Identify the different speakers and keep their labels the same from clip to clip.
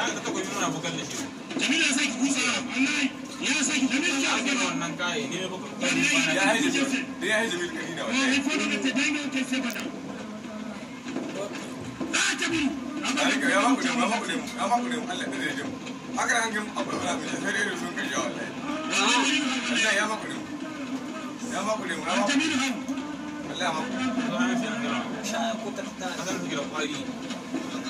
Speaker 1: za ka ta kwaji muna bukar da shi jamila ya saki kusa wallahi ya saki jamila ya saki wannan kai ne ba ku ya haizu da ya haizu mil kadi da wallahi ya fodo da ta dango ta sai bada za ta bi amma da ya ba ku da ba ku da ya ba ku da Allah da zai jamu haka an gam abu da ba sai dai sun kai wallahi ya ya ba ku da ya ya ba ku da ya ta ku da ya ba ku da ku ta ta ba ku ku da ya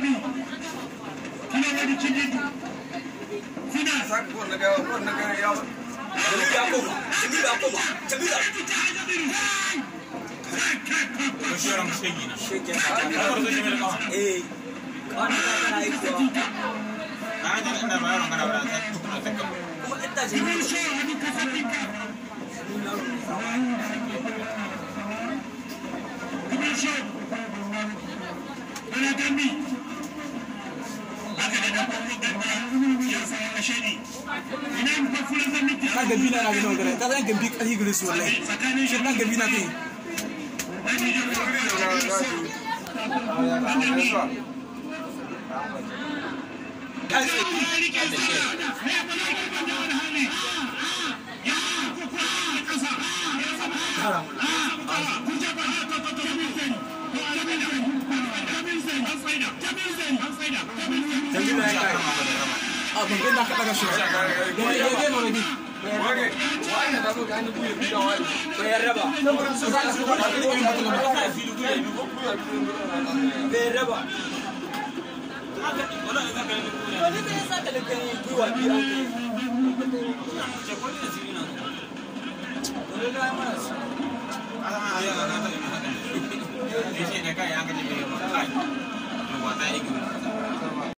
Speaker 1: bi kina wani cikin suna sa ko na ga ko na ga yawo jamila koma jamila koma jamila Başlıyorum şekil. Şekil. Orada jamila koma. Ee. Kanka kana iko. Kanka kana bayram kana bayram. Tukuna tekam. Kuma etta jamila. Şey hani kafatika. Kuma şey. Bana demi. na gabi na rabi nawa gare ta zan gabi ƙarfi gare su wallahi shi na gabi na kai Jamila ya kai. a bangon da ka daga a